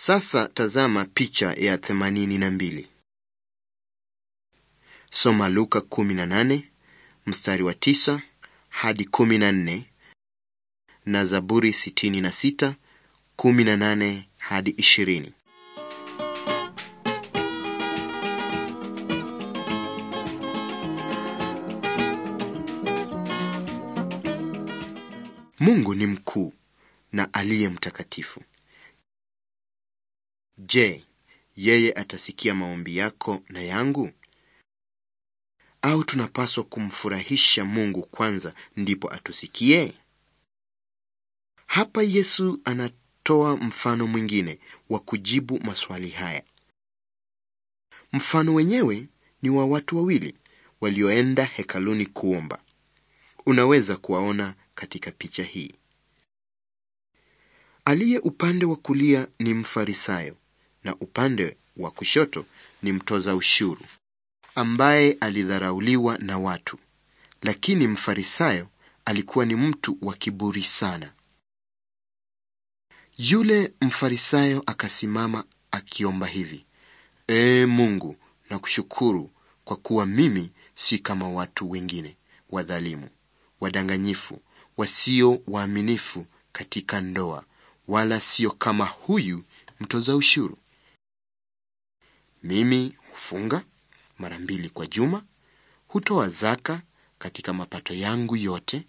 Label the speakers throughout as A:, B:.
A: Sasa tazama picha ya 82. Soma Luka 18 mstari wa 9 hadi 14 na Zaburi 66 18 hadi 20. Mungu ni mkuu na aliye mtakatifu. Je, yeye atasikia maombi yako na yangu? Au tunapaswa kumfurahisha Mungu kwanza ndipo atusikie? Hapa Yesu anatoa mfano mwingine wa kujibu maswali haya. Mfano wenyewe ni wa watu wawili walioenda hekaluni kuomba. Unaweza kuwaona katika picha hii. Aliye upande wa kulia ni Mfarisayo na upande wa kushoto ni mtoza ushuru ambaye alidharauliwa na watu, lakini Mfarisayo alikuwa ni mtu wa kiburi sana. Yule Mfarisayo akasimama akiomba hivi: Ee Mungu, nakushukuru kwa kuwa mimi si kama watu wengine wadhalimu, wadanganyifu, wasio waaminifu katika ndoa, wala sio kama huyu mtoza ushuru. Mimi hufunga mara mbili kwa juma, hutoa zaka katika mapato yangu yote.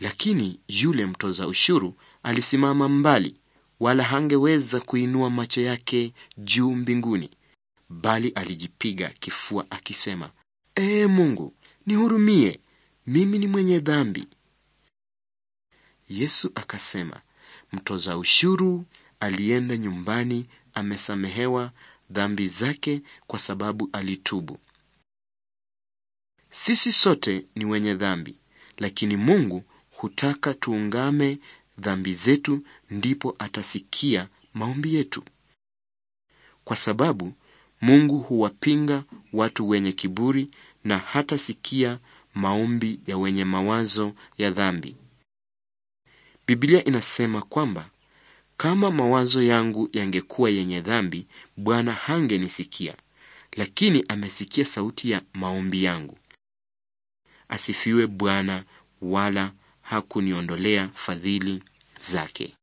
A: Lakini yule mtoza ushuru alisimama mbali, wala hangeweza kuinua macho yake juu mbinguni, bali alijipiga kifua akisema, Ee Mungu, nihurumie, mimi ni mwenye dhambi. Yesu akasema, mtoza ushuru alienda nyumbani amesamehewa dhambi zake kwa sababu alitubu. Sisi sote ni wenye dhambi, lakini Mungu hutaka tuungame dhambi zetu, ndipo atasikia maombi yetu, kwa sababu Mungu huwapinga watu wenye kiburi na hatasikia maombi ya wenye mawazo ya dhambi. Biblia inasema kwamba kama mawazo yangu yangekuwa yenye dhambi, Bwana hangenisikia, lakini amesikia sauti ya maombi yangu. Asifiwe Bwana, wala hakuniondolea fadhili zake.